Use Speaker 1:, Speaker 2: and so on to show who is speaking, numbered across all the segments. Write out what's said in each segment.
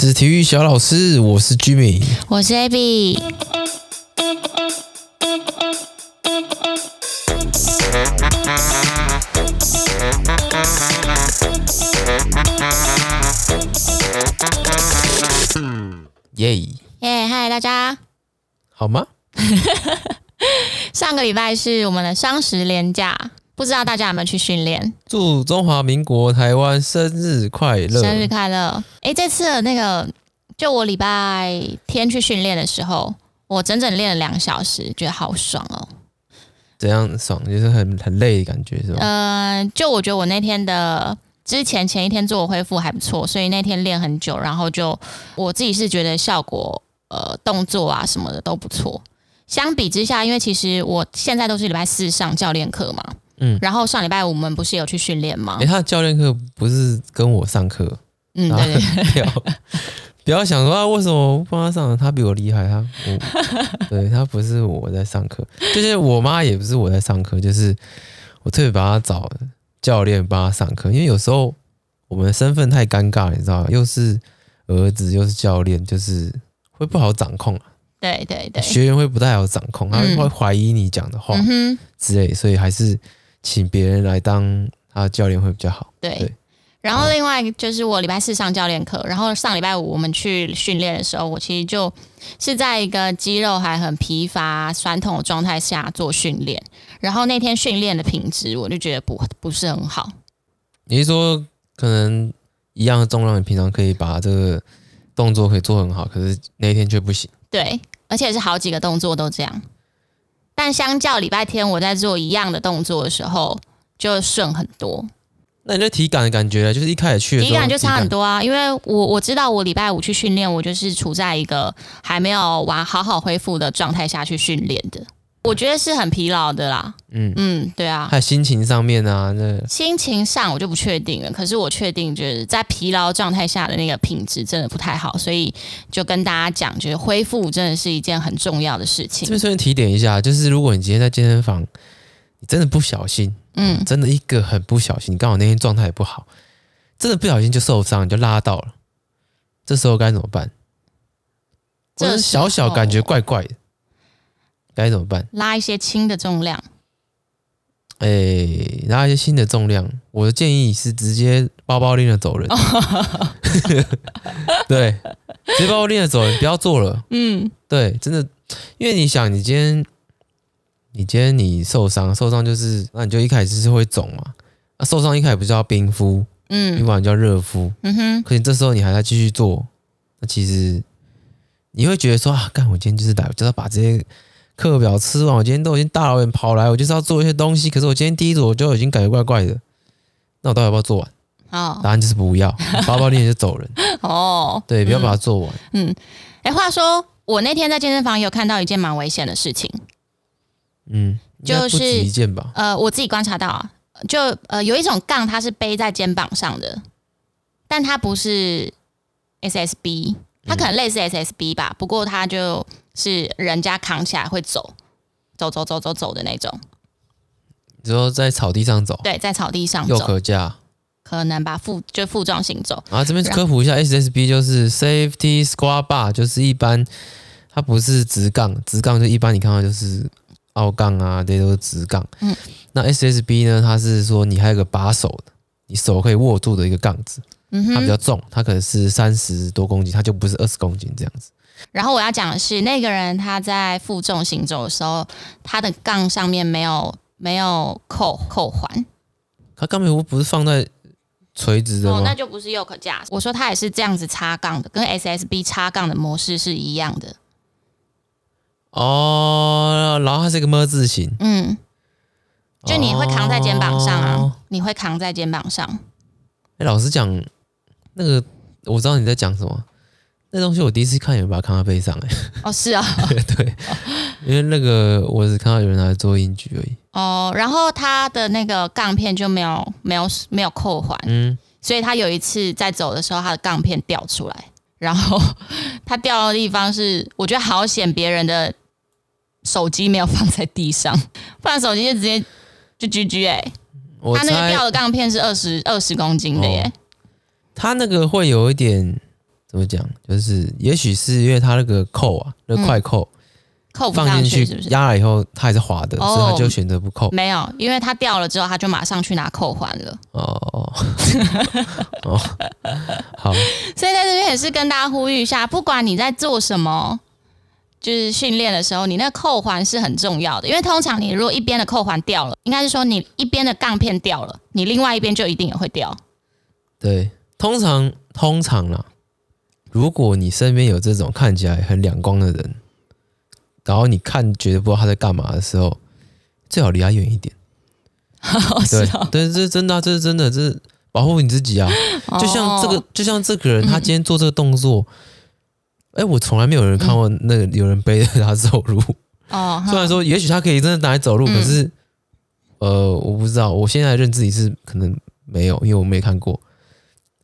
Speaker 1: 是體育小老師，我是 Jimmy，
Speaker 2: 我是 AB。
Speaker 3: 嗯，
Speaker 1: 耶 耶
Speaker 2: 樂，嗨、yeah. yeah, 大家，
Speaker 1: 好嗎？
Speaker 2: 上個禮拜是我們的雙十連假。不知道大家有沒有去訓練？
Speaker 1: 祝中華民國台灣生日快樂！生日
Speaker 2: 快樂！誒、欸，這次的那個，就我禮拜天去訓練的時候，我整整練了兩小時，覺得好爽哦！
Speaker 1: 怎樣爽？就是很很累的感覺，是吧？嗯、呃，
Speaker 2: 就我覺得我那天的之前前一天做的恢復還不錯，所以那天練很久，然後就我自己是覺得效果呃動作啊什麼的都不錯。相比之下，因為其實我現在都是禮拜四上教練課嘛。嗯，然後上禮拜我們不是有去訓練嗎？誒、欸，他
Speaker 1: 的教練課不是跟我上課，嗯，對不， 不要想說、啊、為什麼我不幫他上，他比我厲害，他， 對，他不是我在上課，就是我媽也不是我在上課，就是我特別把他找教練幫他上課，因為有時候我們的身份太尷尬了，你知道，又是兒子又是教練，就是會不好掌控。
Speaker 2: 對對對，學
Speaker 1: 員會不太好掌控，嗯、他會懷疑你講的話嗯哼，之類，所以還是。請別人來當他的教練會比較好。
Speaker 2: 對，對，然後另外就是我禮拜四上教練課，然後上禮拜五我們去訓練的時候，我其實就是在一個肌肉還很疲乏、酸痛的狀態下做訓練，然後那天訓練的品質我就覺得不不是很好。你
Speaker 1: 是說可能一樣重量，你平常可以把這個動作可以做很好，可是那一天卻不行？
Speaker 2: 對，而且是好幾個動作都這樣。但相較禮拜天我在做一樣的動作的時候，就順很多。
Speaker 1: 那你的體感的感覺，就是一開始去的時候體感就差很
Speaker 2: 多啊，體感。因為我我知道我禮拜五去訓練，我就是處在一個還沒有完好好恢復的狀態下去訓練的。我覺得是很疲勞的啦，嗯嗯，對啊，
Speaker 1: 還有心情上面啊，那
Speaker 2: 心情上我就不確定了。可是我確定，就是在疲勞狀態下的那個品質真的不太好，所以就跟大家講，就是恢復真的是一件很重要的事情。這邊
Speaker 1: 順便提點一下，就是如果你今天在健身房，你真的不小心，嗯，真的一個很不小心，你剛好那天狀態也不好，真的不小心就受傷，你就拉到了，這時候該怎麼辦？真的小小感覺怪怪的。該怎麼辦？
Speaker 2: 拉一些輕的重量。
Speaker 1: 誒、欸，拉一些輕的重量。我的建議是直接包包拎着走人。Oh. 對，直接包包拎着走人，不要做了。嗯，對，真的，因為你想，你今天，你今天你受傷，受傷就是那你就一開始是會腫嘛。那、啊、受傷一開始不要冰敷，嗯，你晚上叫熱敷，嗯哼。可是這時候你還在繼續做，那其實你會覺得說啊，幹我今天就是來，叫他把這些。課表吃完，我今天都已經大老遠跑來，我就是要做一些東西。可是我今天第一組我就已經感覺怪怪的，那我到底要不要做完？哦，oh. 答案就是不要，包包拎著就走人。
Speaker 3: 哦，oh.
Speaker 1: 對，不要把它做完。嗯，
Speaker 2: 哎、嗯欸，話說我那天在健身房有看到一件蠻危險的事情。
Speaker 3: 嗯，就是一件吧。
Speaker 2: 呃，我自己觀察到，啊，就呃有一種槓它是背在肩膀上的，但它不是 SSB，它可能類似 SSB 吧，嗯、不過它就。是人家扛起來會走，走走走走走的那種。
Speaker 1: 你說在草地上走。
Speaker 2: 對，在草地上走。又可架？可能吧，負就負重行走。後啊，這邊科
Speaker 1: 普一下，SSB 就是 Safety Squat Bar，就是一般它不是直槓，直槓就一般你看到就是奧槓啊，這些都是直槓。嗯。那 SSB 呢？它是說你還有個把手，你手可以握住的一個槓子。嗯、哼它比較重，它可能是三十多公斤，它就不是二十公斤這樣子。
Speaker 2: 然後我要講的是，那個人他在負重行走的時候，他的槓上面沒有沒有扣扣環。
Speaker 1: 他槓面不不是放在垂直的嗎？哦，那
Speaker 2: 就不是 Yoke 架。我說他也是這樣子插槓的，跟 SSB 插槓的模式是一樣的。
Speaker 1: 哦，然後它是一個 M 型，“麼”字形。
Speaker 2: 嗯，就你會扛在肩膀上啊？哦、你會扛在肩膀上？
Speaker 1: 哎，老實講，那個我知道你在講什麼。那東西我第一次看，有，沒有把它扛到背上哎、
Speaker 2: 欸！哦，是啊，
Speaker 1: 對，哦、因為那個我只看到有人拿來做硬舉而已。
Speaker 2: 哦，然後他的那個槓片就沒有沒有沒有扣環，嗯、所以他有一次在走的時候，他的槓片掉出來，然後他掉的地方是，我覺得好險別人的手機沒有放在地上，不然手機就直接就 GG 哎、欸！
Speaker 3: 他猜那個
Speaker 2: 掉的槓片是二十二十公斤的耶，
Speaker 1: 他、哦、那個會有一點。怎麼講？就是也許是因為他那個扣啊，那個、快扣，
Speaker 2: 嗯、扣放進去，是不是？壓
Speaker 1: 了以後，它還是滑的，哦、所以他就選擇不扣。沒
Speaker 2: 有，因為他掉了之後，他就馬上去拿扣環了。哦哦， 哦，好。所以在這邊也是跟大家呼籲一下，不管你在做什麼，就是訓練的時候，你那扣環是很重要的。因為通常你如果一邊的扣環掉了，應該是說你一邊的槓片掉了，你另外一邊就一定也會掉。
Speaker 1: 對，通常，通常啦。如果你身邊有這種看起來很兩光的人，然後你看覺得不知道他在幹嘛的時候，最好離他遠一點。
Speaker 3: 好
Speaker 1: 對，對，這是真的、啊，這是真的，這是保護你自己啊！就像這個，哦、就像這個人，他今天做這個動作，哎、嗯，我從來沒有人看過那個有人背着他走路。
Speaker 2: 嗯、雖然說
Speaker 1: 也許他可以真的拿來走路，嗯、可是，呃，我不知道，我現在認自己是可能沒有，因為我沒看過。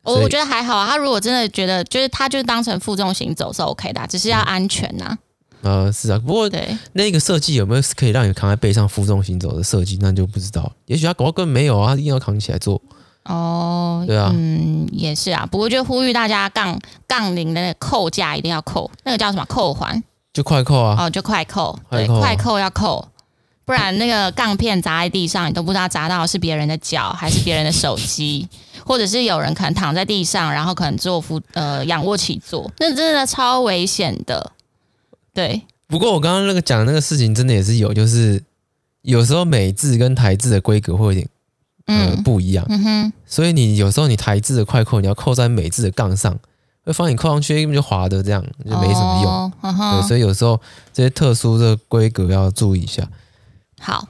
Speaker 1: Oh, 我覺得
Speaker 2: 還好啊，他如果真的覺得，就是他就是當成負重行走是 OK 的，啊，只是要安全吶，啊
Speaker 1: 嗯。呃，是啊，
Speaker 2: 不過對那個
Speaker 1: 設計有沒有可以讓你扛在背上負重行走的設計，那就不知道。也許他狗根本沒有啊，他一定要扛起來做。
Speaker 2: 哦，oh, 對啊，嗯，也是啊。不過就呼籲大家槓，槓槓鈴的那個扣架一定要扣，那個叫什麼扣環？
Speaker 1: 就快扣啊！哦，
Speaker 2: 就快扣，快扣啊，對，快扣要扣，不然那個槓片砸在地上，嗯，你都不知道砸到是別人的腳還是別人的手機。 或者是有人可能躺在地上，然後可能做俯呃仰臥起坐，那真的超危險的。對，
Speaker 1: 不過我剛剛那個講的那個事情，真的也是有，就是有時候美製跟台製的規格會有點嗯、呃、不一樣，嗯哼，所以你有時候你台製的快扣，你要扣在美製的槓上，那放你扣上去根本就滑的，這樣就沒什麼用。對、哦嗯呃，所以有時候這些特殊的規格要注意一下。好，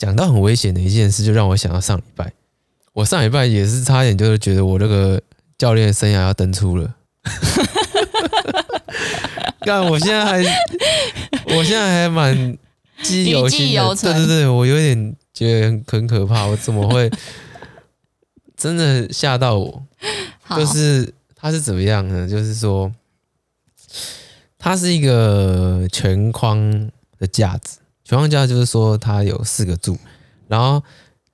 Speaker 1: 講到很危險的一件事，就讓我想到上禮拜。我上禮拜也是差點，就是覺得我那個教練生涯要登出了。 但我現在
Speaker 3: 還，我
Speaker 1: 現在還
Speaker 3: 蠻，對對對，
Speaker 1: 我有點覺得很可怕，我怎麼會真的嚇到我？ 就是他是怎麼樣呢？就是說，他是一個全框的架子，全框架就是說它有四個柱，然後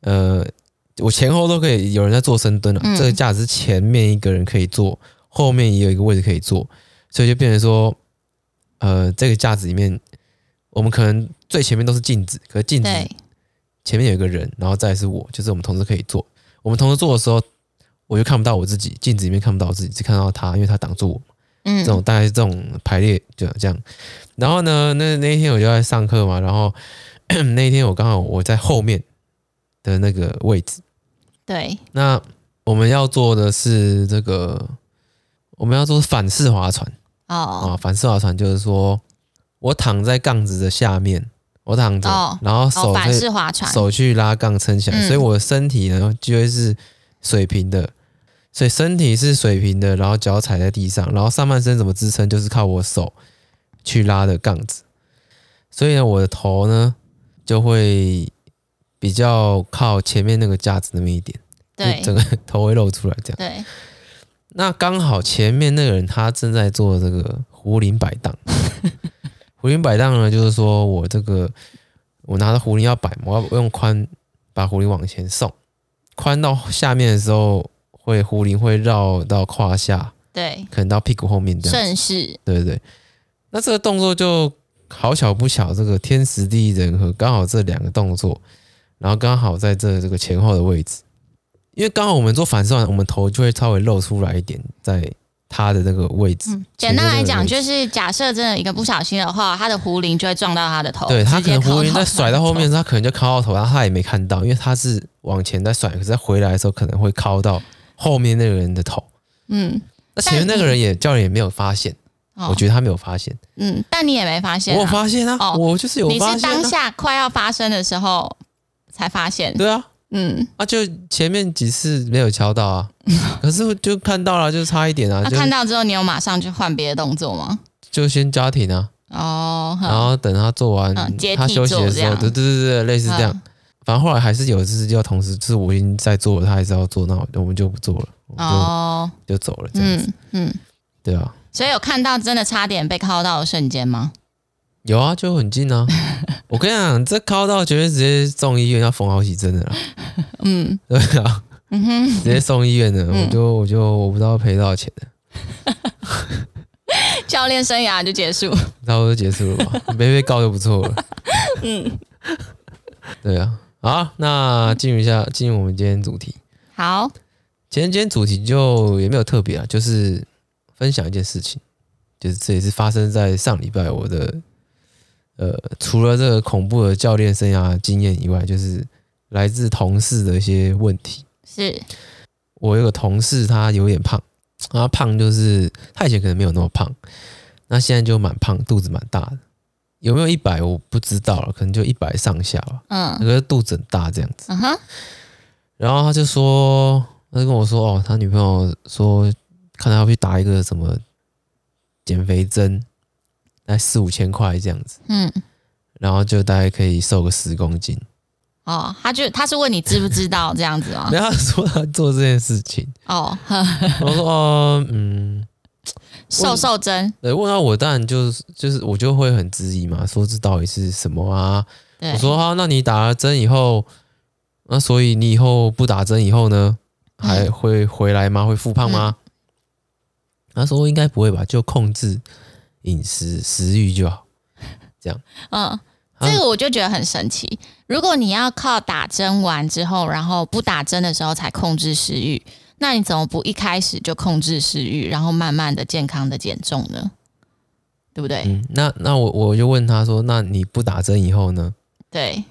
Speaker 1: 呃。我前後都可以有人在做深蹲了。嗯，這個架子是前面一個人可以坐，後面也有一個位置可以坐，所以就變成說，呃，這個架子裡面，我們可能最前面都是鏡子，可是鏡子前面有一個人，對然後再是我，就是我們同時可以坐。我們同時坐的時候，我就看不到我自己，鏡子裡面看不到我自己，只看到他，因為他擋住我，嗯，這種大概是這種排列，就這樣，這樣。然後呢，那那一天我就在上課嘛，然後 那一天我剛好我在後面的那個位置。對，那我們要做的是這個，我們要做反式划船。哦，啊，反式划船就是說，我躺在槓子的下面，我躺着，oh. 然後手、oh. 手去拉槓撐起來，所以我的身體呢，就會是水平的，嗯、所以身體是水平的，然後腳踩在地上，然後上半身怎麼支撐，就是靠我手去拉的槓子，所以呢，我的頭呢就會。比較靠前面那個架子那麼一點，
Speaker 3: 對，就整個
Speaker 1: 頭會露出來這樣。對，那剛好前面那個人他正在做這個壺鈴擺盪，壺 鈴擺盪呢，就是說我這個我拿着壺鈴要擺，我要用髖把壺鈴往前送，髖到下面的時候，會壺鈴會繞到胯下，對，可能到屁股後面這樣。正是，對對對。那這個動作就好巧不巧，這個天時地利人和，剛好這兩個動作。然後剛好在這這個前後的位置，因為剛好我們做反射，我們頭就會稍微露出來一點，在他的那個位置。簡單、嗯、來講，就
Speaker 2: 是假設真的一個不小心的話，他的壺鈴就會撞到他的頭。對，
Speaker 1: 他可能壺鈴在甩到後面，他可能就敲到頭，然後他也沒看到，因為他是往前在甩，可是他回來的時候可能會敲到後面那個人的頭。嗯，那前面那個人也教練也沒有發現，哦、我覺得他沒有發現。
Speaker 2: 嗯，但你也沒發現、啊。我有發現啊，哦、我就是有發現、啊。你是當下快要發生的時候，才發現，對啊，嗯，啊，就
Speaker 1: 前面幾次沒有敲到啊，可是就看到了，就差一點啊。他看到
Speaker 2: 之後，你有馬上去換別的動作嗎？
Speaker 1: 就先家庭啊。
Speaker 2: 哦。然後
Speaker 1: 等他做完，他休息的時候，對對對對，類似這樣。反正後來還是有一次，就要同時，是我已經在做了，他還是要做，那我們就不做了。哦。就走了，這樣子。嗯。
Speaker 2: 對啊。所以有看到真的差點被尻到的瞬間嗎？
Speaker 1: 有啊，就很近啊！我跟你講，這靠到前面直接送醫院，要縫好幾針的啦。嗯，對啊，嗯哼，直接送醫院的，嗯、我就我就我不知道賠多少錢的。
Speaker 2: 教練生涯就結束，
Speaker 1: 差不多就結束了吧，沒被告就不錯
Speaker 2: 了。
Speaker 1: 嗯，對啊，好，那進入一下進入我們今天主題。
Speaker 2: 好，今
Speaker 1: 天今天主題就也沒有特別啊，就是分享一件事情，就是這也是發生在上禮拜我的。呃，除了這個恐怖的教練生涯經驗以外，就是來自同事的一些問
Speaker 2: 題。是
Speaker 1: 我有個同事，他有點胖，他胖就是他以前可能沒有那麼胖，那現在就蠻胖，肚子蠻大的。有沒有一百？我不知道了，可能就一百上下吧。嗯，可是肚子很大這樣子。
Speaker 3: Uh-huh。
Speaker 1: 然後他就說，他就跟我說，哦，他女朋友說，看他要去打一個什麼減肥針。那四五千塊這樣子，
Speaker 3: 嗯，
Speaker 1: 然後就大概可以瘦個十公斤。
Speaker 2: 哦，他就他是問你知不知道這樣子哦？然後他
Speaker 1: 說他做這件事情。哦，我說嗯，
Speaker 2: 瘦瘦針。瘦
Speaker 1: 瘦對，問到我當然就是就是我就會很質疑嘛，說這到底是什麼啊？對我說哈、啊，那你打了針以後，那所以你以後不打針以後呢，還會回來嗎？嗯、會復胖嗎？嗯、他說我應該不會吧，就控制。飲食食慾就好，
Speaker 2: 這樣，嗯，這個我就覺得很神奇。如果你要靠打針完之後，然後不打針的時候才控制食慾，那你怎麼不一開始就控制食慾，然後慢慢的健康的減重呢？對不對？嗯，
Speaker 1: 那那我我就問他說：“那你不打針以後呢？”對。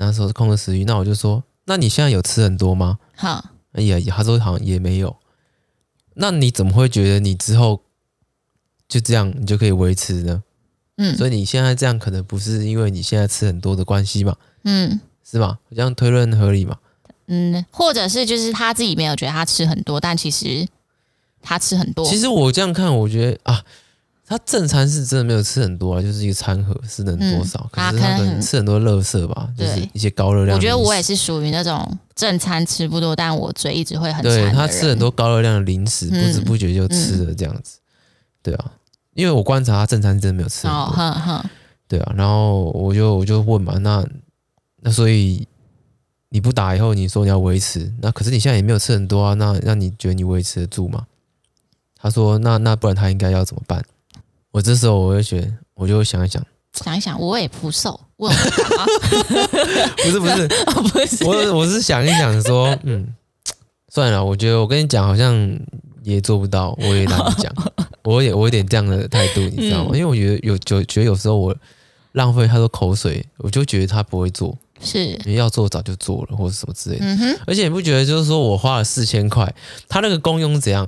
Speaker 1: 那時候控制食慾，那我就說：“那你現在有吃很多嗎？”哈好，哎呀，他說好像也沒有。那你怎麼會覺得你之後？就這樣，你就可以維持呢？嗯，所以你現在這樣可能不是因為你現在吃很多的關係嘛？嗯，是吧？這樣推論合理嘛？嗯，
Speaker 3: 或
Speaker 2: 者是就是他自己沒有覺得他吃很多，但其實他吃很多。其實我這
Speaker 1: 樣看，我覺得啊，他正餐是真的沒有吃很多啊，就是一個餐盒是能多少，嗯、可是他可能吃很多垃圾吧，嗯、就是一些高熱量的。我覺得我
Speaker 2: 也是屬於那種正餐吃不多，但我嘴一直會很饞，對，他吃很
Speaker 1: 多高熱量的零食，嗯、不知不覺就吃了這樣子。嗯、對啊。因為我觀察他正餐真的沒有吃。哦，哈
Speaker 3: 哈，
Speaker 1: 對啊，然後我就我就問嘛，那那所以你不打以後你說你要維持，那可是你現在也沒有吃很多啊，那那你覺得你維持得住嗎？他說，那那不然他應該要怎麼辦？我這時候我會選，我就想一想，
Speaker 2: 想一想，我也不瘦，我，
Speaker 1: 不是不是 我不是，我我是想一想說，嗯，算了，我覺得我跟你講好像。也做不到，我也懶得講，哦、我也我有點這樣的態度，嗯、你知道嗎？因為我覺得有就覺得有時候我浪費他的口水，我就覺得他不會做，是，你要做早就做了，或者什麼之類的。嗯、哼而且你不覺得就是說我花了四千塊，他那個功用怎樣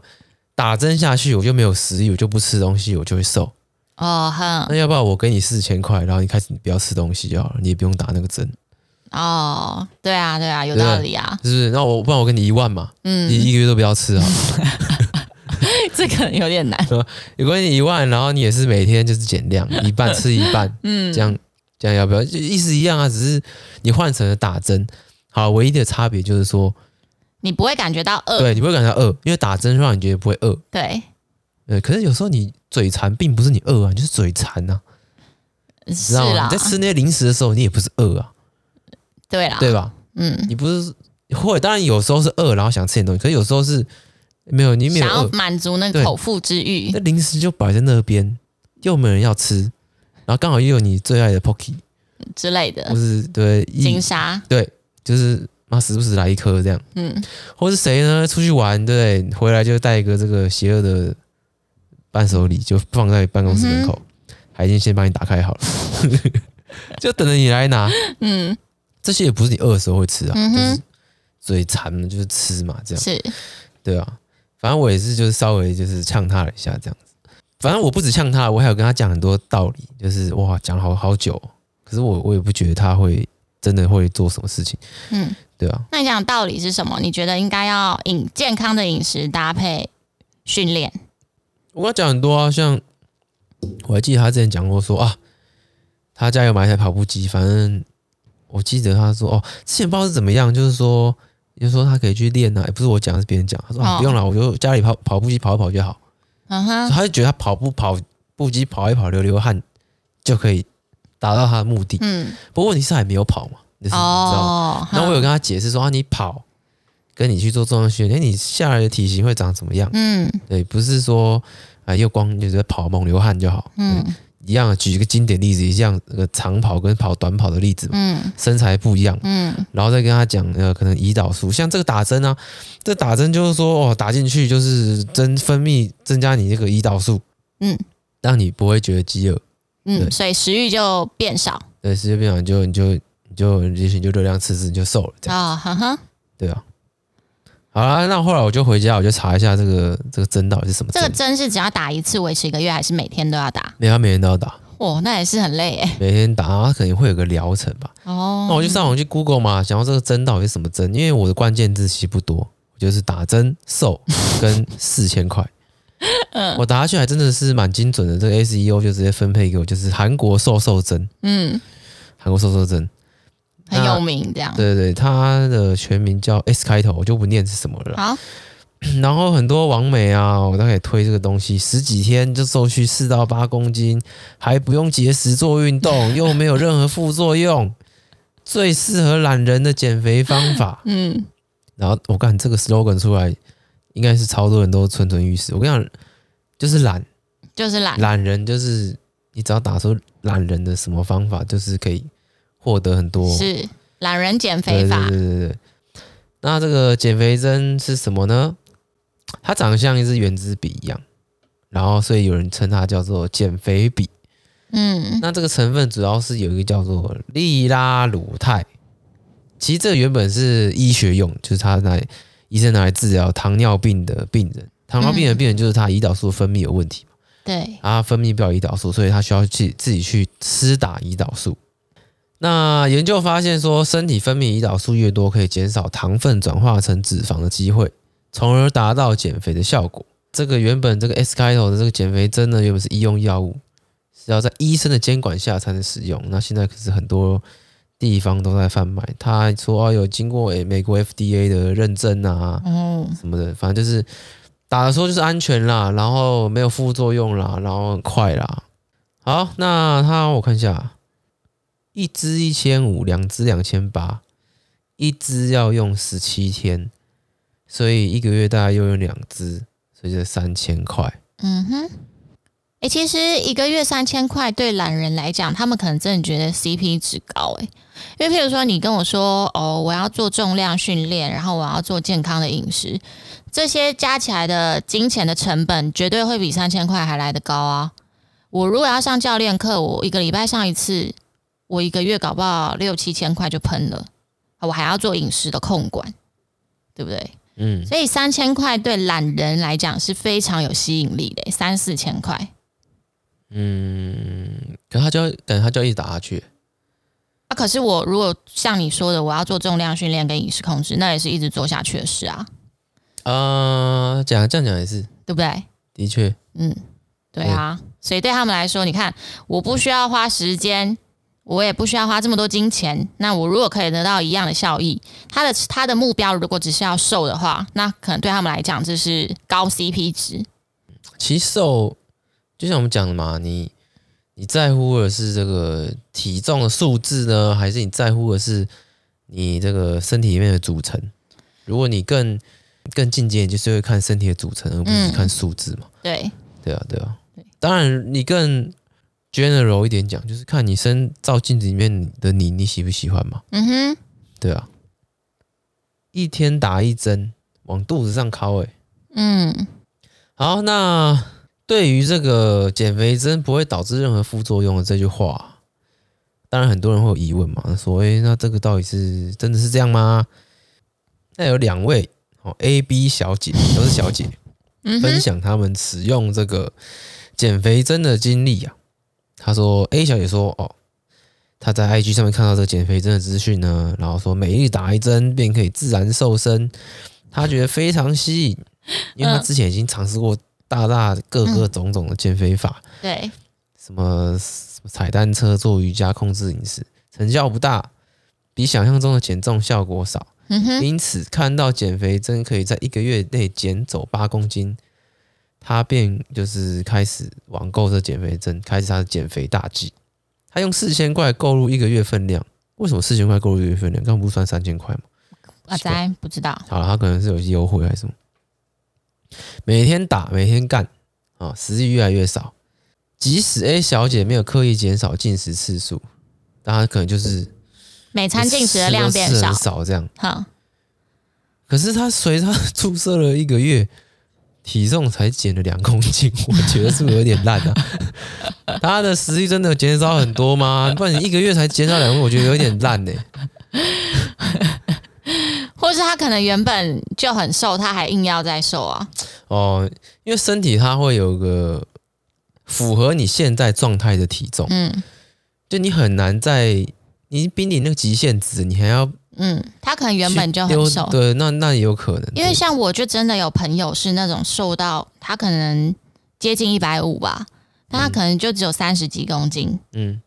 Speaker 1: 打針下去，我就沒有食欲，我就不吃東西，我就會瘦。哦哼，那要不然我給你四千塊，然後你開始你不要吃東西好了？你也不用打那個針。
Speaker 2: 哦，對啊，對啊，有道理啊。
Speaker 1: 是不、就是？那我不然我給你一萬嘛？嗯。你一個月都不要吃啊。
Speaker 2: 這可能有點難，
Speaker 1: 有關係一萬，然後你也是每天就是減量一半，吃一半， 嗯，這樣這樣要不要？就意思一樣啊，只是你換成了打針。好，唯一的差別就是說，
Speaker 2: 你不會感覺到餓，對
Speaker 1: 你不會感覺到餓，因為打針讓你覺得不會餓。對，對、嗯，可是有時候你嘴饞，並不是你餓啊，你就是嘴饞吶，
Speaker 2: 是你知道嗎？你在吃那些
Speaker 1: 零食的時候，你也不是餓啊，
Speaker 2: 對啦，對
Speaker 1: 吧？嗯，你不是會，當然有時候是餓，然後想吃點東西，可是有時候是。沒有，你沒有。想要滿
Speaker 2: 足那個口腹之慾，那
Speaker 1: 零食就擺在那邊，又沒人要吃，然後剛好又有你最愛的 Pocky
Speaker 2: 之類的，或是
Speaker 1: 對金沙一，對，就是媽時不時來一顆這樣，嗯，或是誰呢出去玩，對，回來就帶一個這個邪惡的伴手禮，就放在辦公室門口，嗯、哼還已經先幫你打開好了， 就等着你來拿。嗯，這些也不是你餓的時候會吃啊，嗯、哼就是嘴饞嘛，就是吃嘛，這樣是，對啊。反正我也是，就是稍微就是嗆他了一下這樣子。反正我不止嗆他，我還有跟他講很多道理，就是哇講好好久哦。可是我我也不覺得他會真的會做什麼事情。嗯，對啊。
Speaker 2: 那你講道理是什麼？你覺得應該要飲健康的飲食搭配訓練？我跟他
Speaker 1: 講很多啊，像我還記得他之前講過說啊，他家有買一台跑步機，反正我記得他說哦，之前不知道是怎麼樣，就是說。就是說他可以去練啊也、欸、不是我講，是別人講。他說、啊、不用了，oh. 我就家裡跑跑步機跑一跑就好。
Speaker 3: Uh huh. 所以他
Speaker 1: 就覺得他跑，跑步跑步機跑一跑流流汗就可以達到他的目的。嗯，不過問題是他還沒有跑嘛，就
Speaker 3: 是你知道 oh, 那我有
Speaker 1: 跟他解釋說、嗯、啊，你跑，跟你去做重量訓練，你下來的體型會長什麼樣？嗯，對，不是說啊、哎、又光就覺得跑猛流汗就好。嗯。一樣，舉一個經典例子，像那個長跑跟跑短跑的例子嘛，嗯，身材不一樣，嗯，然後再跟他講，呃，可能胰島素，像這個打針啊，這打針就是說，哦，打進去就是增分泌，增加你這個胰島素，嗯，讓你不會覺得飢餓，
Speaker 2: 嗯，所以食慾就變少，
Speaker 1: 對，食慾變少就你就你就，你就，你,就你就熱量赤字，你就瘦了，
Speaker 2: 這樣啊，哈哈、哦，嗯、
Speaker 1: 對啊。好啦，那後來我就回家，我就查一下這個這個針到底是什麼
Speaker 2: 針。這個針是只要打一次維持一個月，還是每天都要打？
Speaker 1: 沒有，每天都要打。
Speaker 2: 哇、哦，那也是很累耶。
Speaker 1: 每天打，它肯定會有個療程吧？
Speaker 3: 哦，那我就上網
Speaker 1: 去 Google 嘛，想說這個針到底是什麼針？因為我的關鍵字詞不多，就是打針瘦跟四千塊。嗯，
Speaker 3: 我
Speaker 1: 打下去還真的是蠻精準的，這個 SEO 就直接分配給我，就是韓國瘦瘦針。嗯，韓國瘦瘦針。那很有名這樣，對對，他的全名叫 S 開頭，我就不念是什麼了。好，然後很多網美啊，我都可以推這個東西十幾天就瘦去四到八公斤，還不用節食做運動，又沒有任何副作用， 最適合懶人的減肥方法。 嗯，然後我看，哦、這個 slogan 出來，應該是超多人都蠢蠢欲試。我跟你講，就是懶，
Speaker 2: 就是懶，
Speaker 1: 懶人就是你只要打出懶人的什麼方法，就是可以。獲得很多是
Speaker 2: 懶人減肥法，對對對,
Speaker 1: 對那這個減肥針是什麼呢？它長得像一支原子筆一樣，然後所以有人稱它叫做減肥筆。嗯，那這個成分主要是有一個叫做利拉魯肽。其實這原本是醫學用，就是它拿醫生拿來治療糖尿病的病人。糖尿病的病人就是他胰島素分泌有問題，
Speaker 2: 對，
Speaker 1: 啊、嗯，分泌不了胰島素，所以他需要去自己去施打胰島素。那研究發現說，身體分泌胰島素越多，可以減少糖分轉化成脂肪的機會，從而達到減肥的效果。這個原本這個 S 開頭的這個減肥針呢，原本是醫用藥物，是要在醫生的監管下才能使用。那現在可是很多地方都在販賣。他說哦，有經過美國 FDA 的認證啊，嗯，什麼的，反正就是打的時候就是安全啦，然後沒有副作用啦，然後很快啦。好，那他我看一下。一支一千五，兩支兩千八，一支要用十七天，所以一個月大概要用兩支，所以就三千塊。
Speaker 3: 嗯哼，
Speaker 2: 誒、欸，其實一個月三千塊對懶人來講，他們可能真的覺得 CP 值高誒、欸，因為譬如說，你跟我說哦，我要做重量訓練，然後我要做健康的飲食，這些加起來的金錢的成本絕對會比三千塊還來得高啊。我如果要上教練課，我一個禮拜上一次。我一個月搞不好六七千塊就噴了，我還要做飲食的控管，對不對？嗯，
Speaker 1: 所
Speaker 2: 以三千塊對懶人來講是非常有吸引力的欸，三四千塊。
Speaker 1: 嗯，可他就等他就一直打下去。
Speaker 2: 啊，可是我如果像你說的，我要做重量訓練跟飲食控制，那也是一直做下去的事啊。
Speaker 1: 呃，講這樣講也是對不對？的確，
Speaker 2: 嗯，對啊，嗯，所以對他們來說，你看，我不需要花時間。我也不需要花這麼多金錢。那我如果可以得到一樣的效益，他的他的目標如果只是要瘦的話，那可能對他們來講，這是高 CP 值。
Speaker 1: 其實瘦就像我們講的嘛，你你在乎的是這個體重的數字呢，還是你在乎的是你這個身體裡面的組成？如果你更更進階，就是會看身體的組成，而不是看數字嘛。嗯，對，對啊，對啊。對，當然你更。General 一點講，就是看你身照鏡子裡面的你，你喜不喜歡嘛？嗯哼，對啊，一天打一針，往肚子上尻誒、欸。
Speaker 3: 嗯，
Speaker 1: 好，那對於這個減肥針不會導致任何副作用的這句話，當然很多人會有疑問嘛，說誒、欸，那這個到底是真的是這樣嗎？那有兩位哦，A、B 小姐都是、嗯、哼小姐，分享他們使用這個減肥針的經歷啊。他說：“A 小姐說，哦，她在 IG 上面看到這個減肥針的資訊呢，然後說，每日打一針便可以自然瘦身，她覺得非常吸引，因為她之前已經嘗試過大大各個，個種種的減肥法、嗯嗯，對，什麼什麼踩單車、做瑜伽、控制飲食，成效不大，比想象中的減重效果少，嗯、哼因此看到減肥針可以在一個月內減走八公斤。”他便就是開始網購這減肥針，開始他的減肥大計。他用四千塊購入一個月份量，為什麼四千塊購入一個月份量？剛不算三千塊嘛。
Speaker 2: 阿仔嗎不知道。
Speaker 1: 好了，他可能是有些優惠還是什麼。每天打，每天幹啊，食、哦、慾越來越少。即使 A 小姐沒有刻意減少進食次數，但她可能就是每餐進食的量變少，這樣
Speaker 2: 好。
Speaker 1: 可是她隨她注射了一個月，體重才減了兩公斤，我覺得是不是有點爛啊？他的食欲真的減少很多嗎？不然你一個月才減少兩公斤，我覺得有點爛呢、欸。
Speaker 2: 或是他可能原本就很瘦，他還硬要再瘦啊？
Speaker 1: 哦，因為身體它會有個符合你現在狀態的體重，嗯，就你很難再你比你那個極限值，你還要。
Speaker 2: 嗯，他可能原本就很瘦，對，
Speaker 1: 那那也有可能。因
Speaker 2: 為像我，就真的有朋友是那種瘦到他可能接近一百五吧，但他可能就只有三十幾公斤。嗯，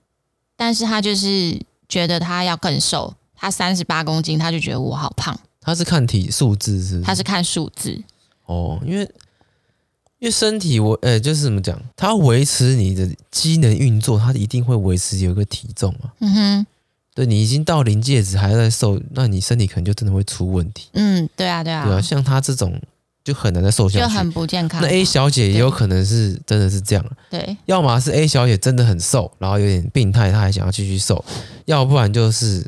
Speaker 2: 但是他就是覺得他要更瘦，他三十八公斤，他就覺得我好胖。
Speaker 1: 他是看體數字是不是？他是
Speaker 2: 看數字。
Speaker 1: 哦，因為因為身體我，我、欸、呃，就是怎麼講，他維持你的機能運作，他一定會維持有一個體重啊。嗯哼。對你已經到臨界值，還在瘦，那你身體可能就真的會出問題。
Speaker 2: 嗯，對啊，對啊。對啊，像
Speaker 1: 她這種就很難再瘦下去，就很
Speaker 2: 不健康。那 A
Speaker 1: 小姐也有可能是對真的是這樣對，要麼是 A 小姐真的很瘦，然後有點病態，她還想要繼續瘦，要不然就是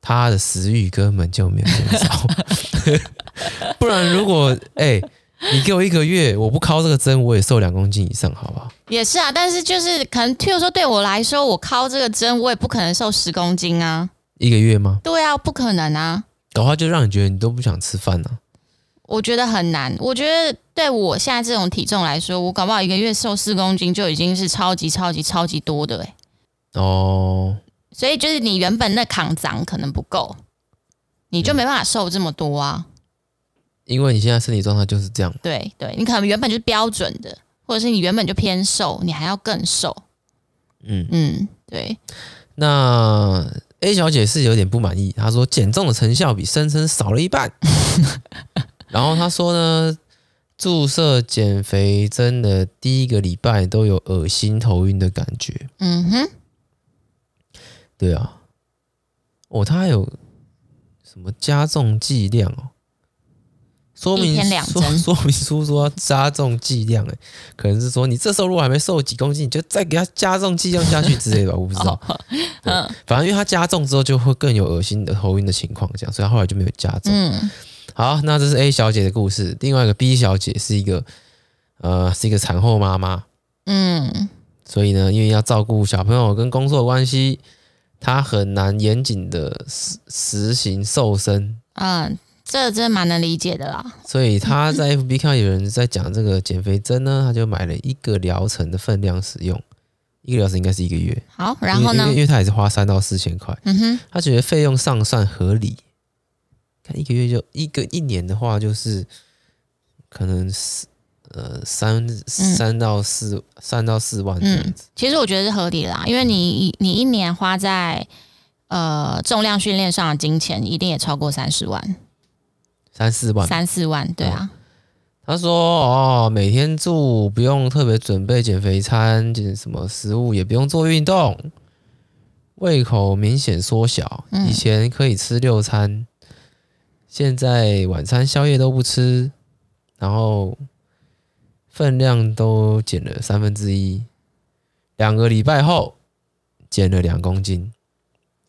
Speaker 1: 她的食慾根本就沒有減少。 不然，如果哎。欸你給我一個月，我不敲這個針，我也瘦兩公斤以上，好不
Speaker 2: 好？也是啊，但是就是可能，譬如說對我來說，我敲這個針，我也不可能瘦十公斤啊。
Speaker 1: 一個月嗎？
Speaker 2: 對啊，不可能啊。搞
Speaker 1: 的話就讓你覺得你都不想吃飯了、啊，
Speaker 2: 我覺得很難。我覺得對我現在這種體重來說，我搞不好一個月瘦四公斤就已經是超級超級超級、超級多的哎、
Speaker 1: 欸。哦。
Speaker 2: 所以就是你原本那扛漲可能不夠，你就沒辦法瘦這麼多啊。嗯
Speaker 1: 因為你現在身體狀態就是這樣。
Speaker 2: 對對，你可能原本就是標準的，或者是你原本就偏瘦，你還要更瘦。
Speaker 1: 嗯
Speaker 2: 嗯，對。
Speaker 1: 那 A 小姐是有點不滿意，她說減重的成效比聲稱少了一半。 然後她說呢，注射減肥針的第一個禮拜都有噁心、頭暈的感覺。嗯哼。對啊。哦，她還有什麼加重劑量哦？說明說，說明書說要加重劑量哎、欸，可能是說你這時候如果還沒瘦幾公斤，你就再給它加重劑量下去之類的，我不知道。嗯、 哦，反
Speaker 3: 正
Speaker 1: 因為它加重之後就會更有惡心的頭暈的情況，這樣，所以他後來就沒有加
Speaker 3: 重。
Speaker 1: 嗯、好，那這是 A 小姐的故事。另外一個 B 小姐是一個呃是一個產後媽媽，嗯，所以呢，因為要照顧小朋友跟工作的關係，她很難嚴謹的實實行瘦身。
Speaker 2: 嗯。這真蠻能理解的啦。
Speaker 1: 所以他在 FB 看有人在講這個減肥針呢，嗯、他就買了一個療程的分量使用，一個療程應該是一個月。
Speaker 2: 好，然後呢，因為，因
Speaker 1: 為他也是花三到四千塊。嗯哼。他覺得費用上算合理。看一個月就一個一年的話，就是可能四呃三三到四三、嗯、到四萬這樣
Speaker 2: 子，嗯。其實我覺得是合理啦，因為你你一年花在呃重量訓練上的金錢，一定也超過三十萬。
Speaker 1: 三四萬，三
Speaker 2: 四萬，對啊、嗯。
Speaker 1: 他說：“哦，每天住不用特別準備減肥餐，減什麼食物也不用做運動，胃口明顯縮小。以前可以吃六餐，嗯、現在晚餐宵夜都不吃，然後分量都減了三分之一。兩個禮拜後，減了兩公斤。”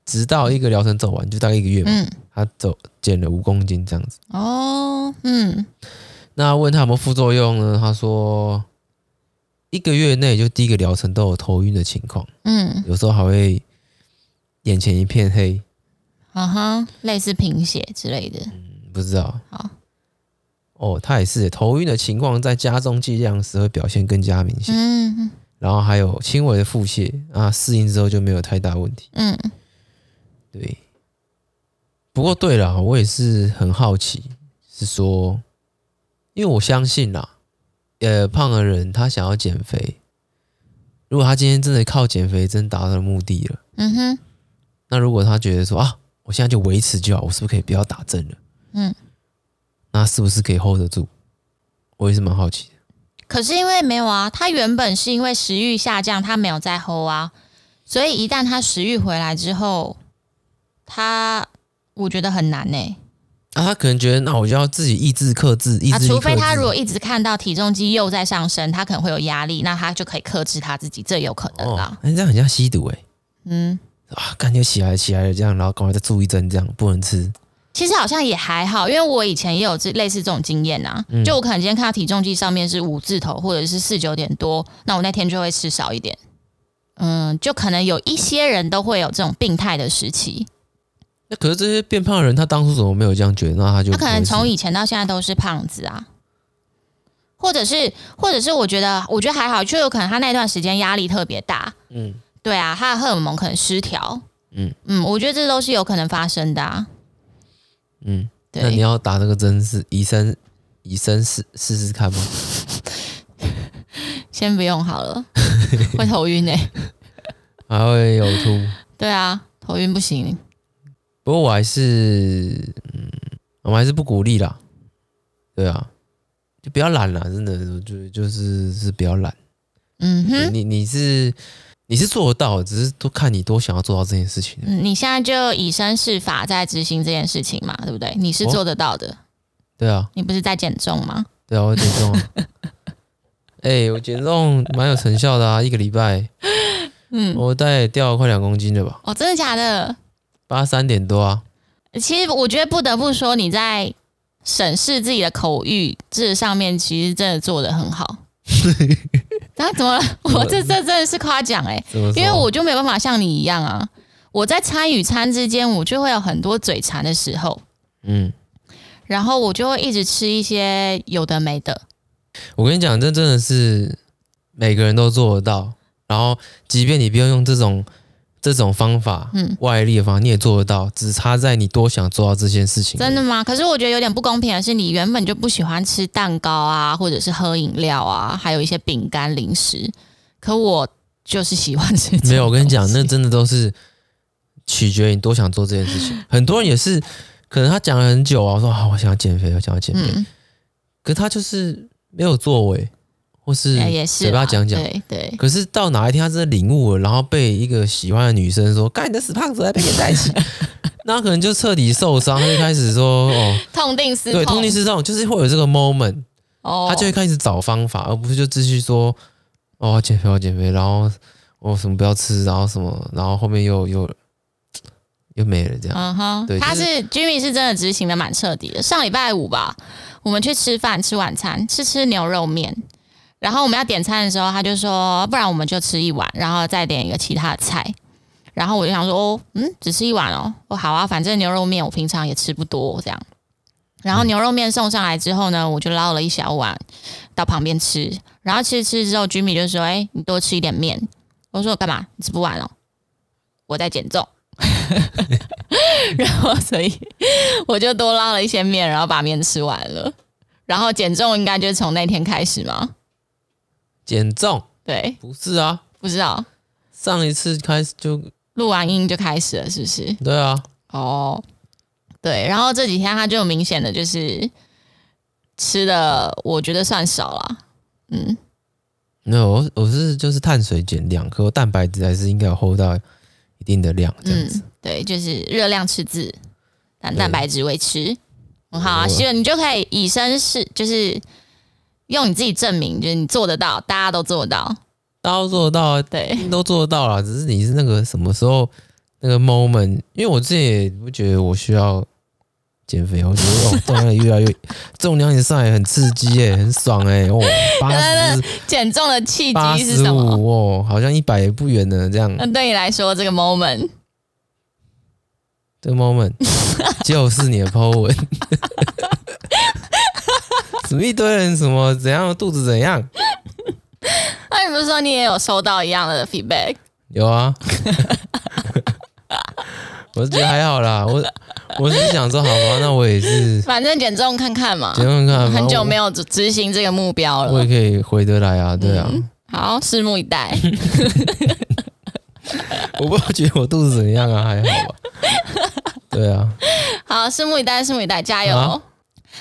Speaker 1: 直到一個療程走完，就大概一個月嘛。嗯、他走減了五公斤這樣子。
Speaker 3: 哦，
Speaker 1: 嗯。那問他有沒有副作用呢？他說一個月內就第一個療程都有頭暈的情況。
Speaker 2: 嗯，
Speaker 1: 有時候還會眼前一片黑。
Speaker 2: 啊、哦、哈，類似貧血之類的。
Speaker 1: 嗯，不知道。好哦，他也是頭暈的情況，在加重劑量時會表現更加明顯。嗯，然後還有輕微的腹瀉。啊，適應之後就沒有太大問題。嗯嗯。對，不過對了，我也是很好奇，是說，因為我相信啦，呃，胖的人他想要減肥，如果他今天真的靠減肥真達到了目的了，嗯哼，那如果他覺得說啊，我現在就維持就好，我是不是可以不要打針了？嗯，那是不是可以 hold 得住？我也是蠻好奇的。
Speaker 2: 可是因為沒有啊，他原本是因為食慾下降，他沒有再 hold 啊，所以一旦他食慾回來之後。嗯他我覺得很難誒、欸，
Speaker 1: 啊，他可能覺得，那我就要自己抑制制意志克制、啊，除非他如
Speaker 2: 果一直看到體重計又在上升，他可能會有壓力，那他就可以克制他自己，這有可能了。人、哦
Speaker 1: 欸、這樣很像吸毒誒、欸，嗯，啊，感覺起來起來這樣，然後趕快再注一針，這樣不能吃。
Speaker 2: 其實好像也還好，因為我以前也有這類似這種經驗吶、啊，嗯、就我可能今天看到體重計上面是五字頭或者是四九點多，那我那天就會吃少一點。嗯，就可能有一些人都會有這種病態的時期。
Speaker 1: 那可是這些變胖的人，他當初怎麼沒有這樣覺得？那他就他可能從
Speaker 2: 以前到現在都是胖子啊，或者是，或者是，我覺得，我覺得還好，就有可能他那段時間壓力特別大，嗯，對啊，他的荷爾蒙可能失調，嗯嗯，我覺得這都是有可能發生的、
Speaker 1: 啊，嗯，對那你要打這個針是醫生，醫生試試試看嗎？
Speaker 2: 先不用好了， 會頭暈哎、欸，
Speaker 1: 還會有吐，
Speaker 2: 對啊，頭暈不行。
Speaker 1: 不過我還是，嗯，我還是不鼓勵啦。對啊，就比較懶啦，真的，就就是是比較懶。嗯哼，你你是你是做得到，只是都看你多想要做到這件事情。
Speaker 2: 你現在就以身試法，在執行這件事情嘛，對不對？你是做得到的。哦、對啊。你不是在減重嗎？
Speaker 1: 對啊，我減重啊。哎、 欸，我減重蠻有成效的啊，一個禮拜，
Speaker 2: 嗯，我
Speaker 1: 大概掉了快兩公斤了吧。
Speaker 2: 哦，真的假的？
Speaker 1: 八三點多啊！
Speaker 2: 其實我覺得不得不說，你在審視自己的口慾這上面，其實真的做的很好。然 怎麼了？我這這真的是誇獎誒，因為我就沒辦法像你一樣啊，我在餐與餐之間，我就會有很多嘴饞的時候。嗯，然後我就會一直吃一些有的沒的。
Speaker 1: 我跟你講，這真的是每個人都做得到。然後，即便你不用用這種。這種方法，嗯，外力的方法、嗯、你也做得到，只差在你多想做到這件事情。真
Speaker 2: 的嗎？可是我覺得有點不公平的是，你原本就不喜歡吃蛋糕啊，或者是喝飲料啊，還有一些餅乾零食，可我就是喜歡吃。
Speaker 1: 沒有，我跟你講，那真的都是取決於你多想做這件事情。 很多人也是，可能他講了很久啊，說啊，我想要減肥，我想要減肥，嗯、可他就是沒有作為。或是嘴巴講講，對對。可是到哪一天他真的領悟了，然後被一個喜歡的女生說：“幹你的死胖子還來，在被起。”那可能就徹底受傷，他就開始說：“哦，
Speaker 2: 痛定思痛，對，痛定思痛，就是
Speaker 1: 會有這個 moment，哦，他就會開始找方法，而不是就繼續說：哦，減肥，哦，減肥，然後我、哦、什麼不要吃，然後什麼，然後後面又又又，又沒了這樣。嗯
Speaker 2: 哼，對，他是 Jimmy、就是、是真的執行的蠻徹底的。上禮拜五吧，我們去吃飯，吃晚餐，是吃牛肉麵。然後我們要點餐的時候，他就說：“不然我們就吃一碗，然後再點一個其他的菜。”然後我就想說：“哦，嗯，只吃一碗哦。我”我好啊，反正牛肉麵我平常也吃不多哦，這樣。然後牛肉麵送上來之後呢，我就撈了一小碗到旁邊吃。然後吃一吃之後居米就說：“哎，你多吃一點麵。”我說：“我幹嘛？你吃不完哦。我在減重。” 然後所以我就多撈了一些麵，然後把麵吃完了。然後減重應該就是從那天開始嗎？減重對，不是啊，不知道、哦、上一次開始就錄完音就開始了，是不是？對啊，哦，oh, 對，然後這幾天它就明顯的就是吃的，我覺得算少了，
Speaker 1: 嗯，有、no,，我我是就是碳水減量，可我蛋白質還是應該要 hold 到一定的量，這樣
Speaker 2: 子、嗯，對，就是熱量赤字，但蛋白質維持了好啊，希望、oh. 你就可以以身試，就是。用你自己證明，就是你做得到，大家都做得到，
Speaker 1: 大家都做得到，對，都做得到啦。只是你是那個什麼時候那個 moment，因為我自己也不覺得我需要減肥，我覺得哦，重量越來越，重量也上來很刺激哎、欸，很爽哎、欸，哦，八
Speaker 2: 十減重的契機是什麼？
Speaker 1: 五哦，好像一百也不遠了這樣。那
Speaker 2: 對你來說這個 moment，
Speaker 1: 這個 moment 就是你的 po 文。 怎麼一堆人什麼怎樣肚子怎樣？
Speaker 3: 那、啊、你不
Speaker 2: 是說你也有收到一樣的 feedback？
Speaker 1: 有啊， 我是覺得還好啦。我我只是想說，好吧，那我也是，
Speaker 2: 反正減重看看嘛，減
Speaker 1: 重看，看。很久沒有
Speaker 2: 執行這個目標了我，我
Speaker 1: 也可以回得來啊，對啊。嗯、
Speaker 2: 好，拭目以待。 我
Speaker 1: 不知道覺得我肚子怎樣啊，還好吧。對啊。
Speaker 2: 好，拭目以待，拭目以待，加油。啊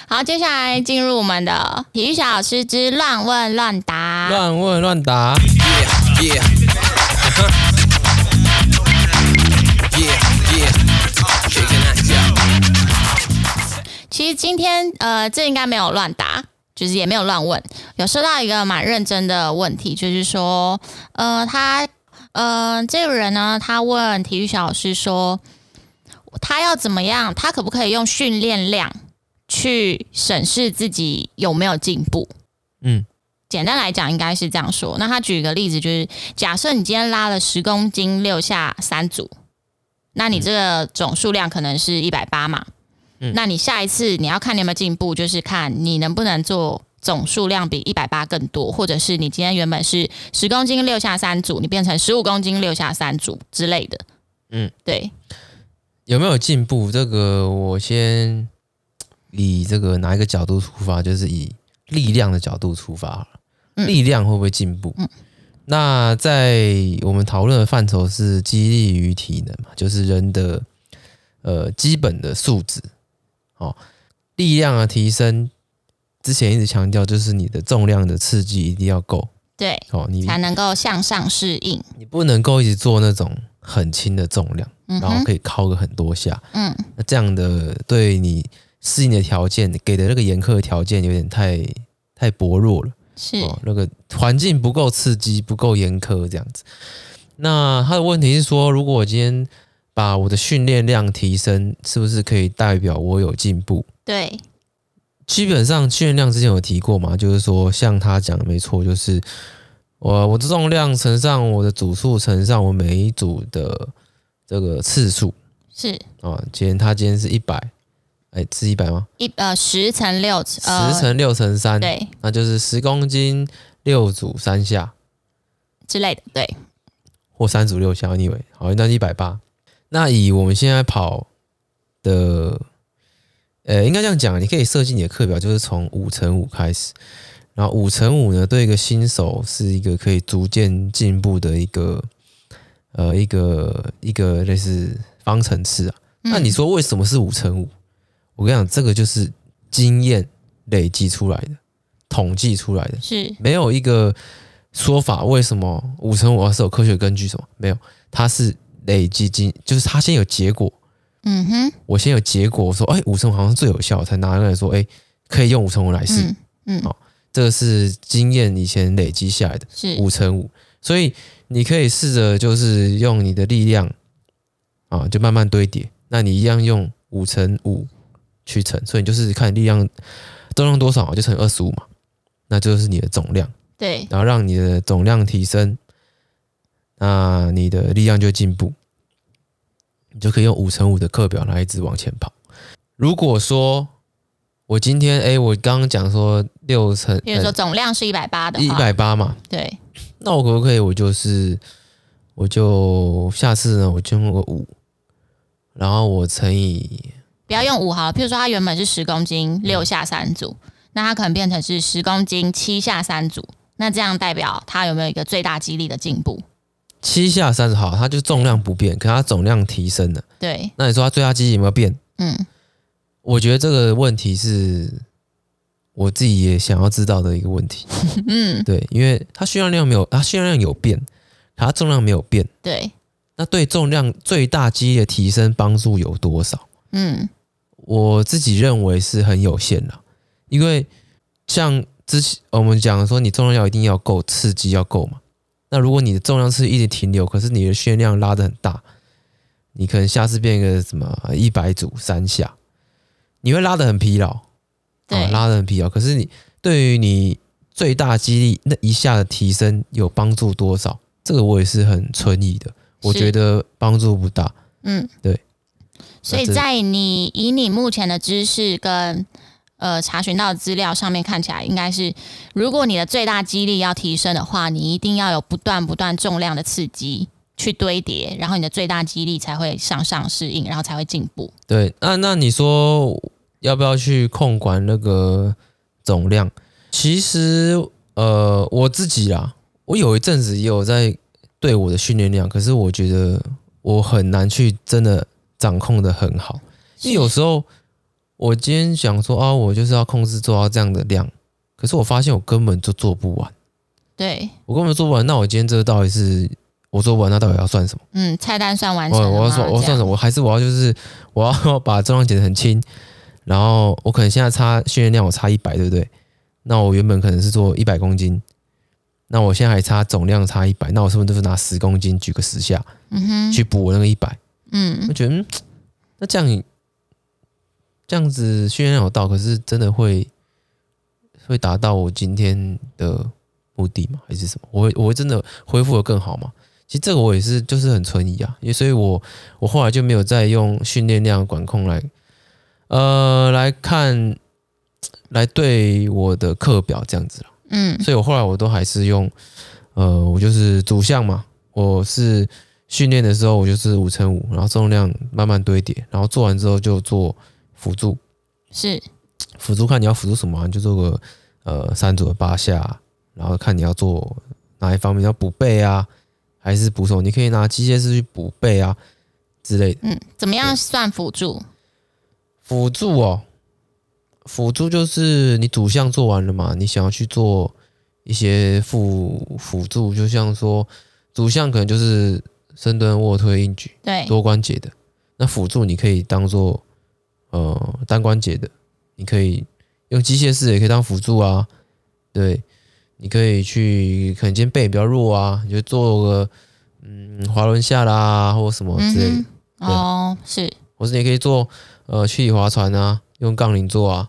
Speaker 2: 好，接下來進入我們的體育小老師之亂問亂答。亂問亂答。
Speaker 3: 其
Speaker 2: 實今天呃，這應該沒有亂答，就是也沒有亂問，有收到一個蠻認真的問題，就是說，呃，他呃，這個人呢，他問體育小老師說，他要怎麼樣？他可不可以用訓練量？去審視自己有沒有進步？
Speaker 3: 嗯，
Speaker 2: 簡單來講，應該是這樣說。那他舉個例子，就是假設你今天拉了十公斤六下三組，那你這個總數量可能是一百八嘛。嗯，那你下一次你要看你有沒有進步，就是看你能不能做總數量比一百八更多，或者是你今天原本是十公斤六下三組，你變成十五公斤六下三組之類的。嗯，對。
Speaker 1: 有沒有進步？這個我先。以這個哪一個角度出發，就是以力量的角度出發，力量會不會進步？嗯嗯、那在我們討論的範疇是肌力與體能，就是人的呃基本的素質。哦，力量的提升，之前一直強調，就是你的重量的刺激一定要夠，
Speaker 2: 對，哦，你才能夠向上適應。
Speaker 1: 你不能夠一直做那種很輕的重量，然後可以敲個很多下，嗯，嗯，那這樣的對你。適應的條件給的那個嚴苛的條件有點太太薄弱
Speaker 3: 了，
Speaker 1: 是哦，那個環境不夠刺激，不夠嚴苛，這樣子。那他的問題是說，如果我今天把我的訓練量提升，是不是可以代表我有進步？對，基本上訓練量之前有提過嘛，就是說像他講的沒錯，就是我我的重量乘上我的組數乘上我每一組的這個次數，是啊，哦，今天他今天是一百。哎，是一百嗎？
Speaker 2: 一呃，十乘六，十乘六
Speaker 1: 乘三，呃，對，那就是十公斤六組三下之類的，對，或三組六下，你以為？好，那一百八。那以我們現在跑的，呃，應該這樣講，你可以設計你的課表，就是從五乘五開始，然後五乘五呢，對一個新手是一個可以逐漸進步的一個，呃，一個一個類似方程式啊。嗯，那你說為什麼是五乘五？5? 我跟你講，這個就是經驗累積出來的，統計出來的，是沒有一個說法。為什麼五乘五是有科學根據什麼？沒有。它是累積經，就是他先有結果，嗯
Speaker 3: 哼，
Speaker 1: 我先有結果，我說哎，五乘五好像是最有效，才拿來說哎，可以用五乘五來試，
Speaker 3: 嗯，好、嗯哦，
Speaker 1: 這個是經驗以前累積下來的，5 5是五乘五，所以你可以試着就是用你的力量，啊，就慢慢堆疊，那你一樣用五乘五。去乘，所以你就是看力量重量多少啊，就乘二十五嘛，那就是你的總量。對，然後讓你的總量提升，那你的力量就進步，你就可以用五乘五的課表來一直往前跑。如果說我今天誒，我剛剛講說六乘，比如說
Speaker 2: 總量是一百八的，一百八嘛，對，那我
Speaker 1: 可不可以？我就是我就下次呢，我就用個五，然後我乘以。
Speaker 2: 不要用五毫譬如說，它原本是十公斤六下三組，嗯、那它可能變成是十公斤七下三組。那這樣代表它有沒有一個最大肌力的進步？
Speaker 1: 七下三組，它就重量不變，可它總量提升了。
Speaker 3: 對。
Speaker 1: 那你說它最大肌力有沒有變？嗯，我覺得這個問題是，我自己也想要知道的一個問題。 嗯，對，因為它訓練量沒有，它訓練量有變，它重量沒有變。對。那對重量最大肌力的提升幫助有多少？嗯，我自己認為是很有限的，因為像之前我們講說，你重量要一定要夠，刺激要夠嘛。那如果你的重量是一直停留，可是你的訓練量拉的很大，你可能下次變一個什麼一百組三下，你會拉的很疲勞，
Speaker 3: 對，啊、拉
Speaker 1: 的很疲勞。可是你對於你最大肌力那一下的提升有幫助多少？這個我也是很存疑的。是我覺得幫助不大。嗯，對。
Speaker 2: 所以在你以你目前的知識跟呃查詢到的資料上面看起來，應該是如果你的最大肌力要提升的話，你一定要有不斷不斷重量的刺激去堆疊，然後你的最大肌力才會上上適應，然後才會進步。
Speaker 1: 對，那那你說要不要去控管那個總量？其實呃，我自己啊，我有一陣子也有在對我的訓練量，可是我覺得我很難去真的。掌控的很好，因為有時候我今天想說啊，我就是要控制做到這樣的量，可是我發現我根本就做不完。對，我根本做不完。那我今天這個到底是我做不完，那到底要算什麼？嗯，
Speaker 2: 菜單算完成我要算，我要算
Speaker 1: 什麼？這樣。我還是我要就是我要把重量減得很輕，然後我可能現在差訓練量，我差一百，對不對？那我原本可能是做一百公斤，那我現在還差總量差一百，那我是不是就是拿十公斤舉個十下，嗯哼，去補我那個一百？嗯，我覺得、嗯、那這樣這樣子訓練有道，可是真的會會達到我今天的目的嗎？還是什麼？我會我會真的恢復得更好嗎？其實這個我也是就是很存疑啊，因為所以我，我我後來就沒有再用訓練量管控來呃來看來對我的課表這樣子了。嗯，所以我後來我都還是用呃，我就是主項嘛，我是。訓練的時候我就是五乘五，5, 然後重量慢慢堆疊，然後做完之後就做輔助，是，輔助看你要輔助什麼、啊，你就做個呃三組的八下，然後看你要做哪一方面要補背啊，還是補手，你可以拿機械式去補背啊之類的。
Speaker 2: 嗯，怎麼樣算輔助？
Speaker 1: 輔助哦、喔，輔助就是你主項做完了嘛，你想要去做一些輔輔助，就像說主項可能就是。深蹲、臥推、硬舉，對，多關節的，那輔助你可以當做呃單關節的，你可以用機械式也可以當輔助啊，對，你可以去可能肩背比較弱啊，你就做個嗯滑輪下拉或什麼之
Speaker 3: 類的，嗯、
Speaker 2: 哼對哦是，
Speaker 1: 或是你可以做呃曲體划船，啊，用槓鈴做啊，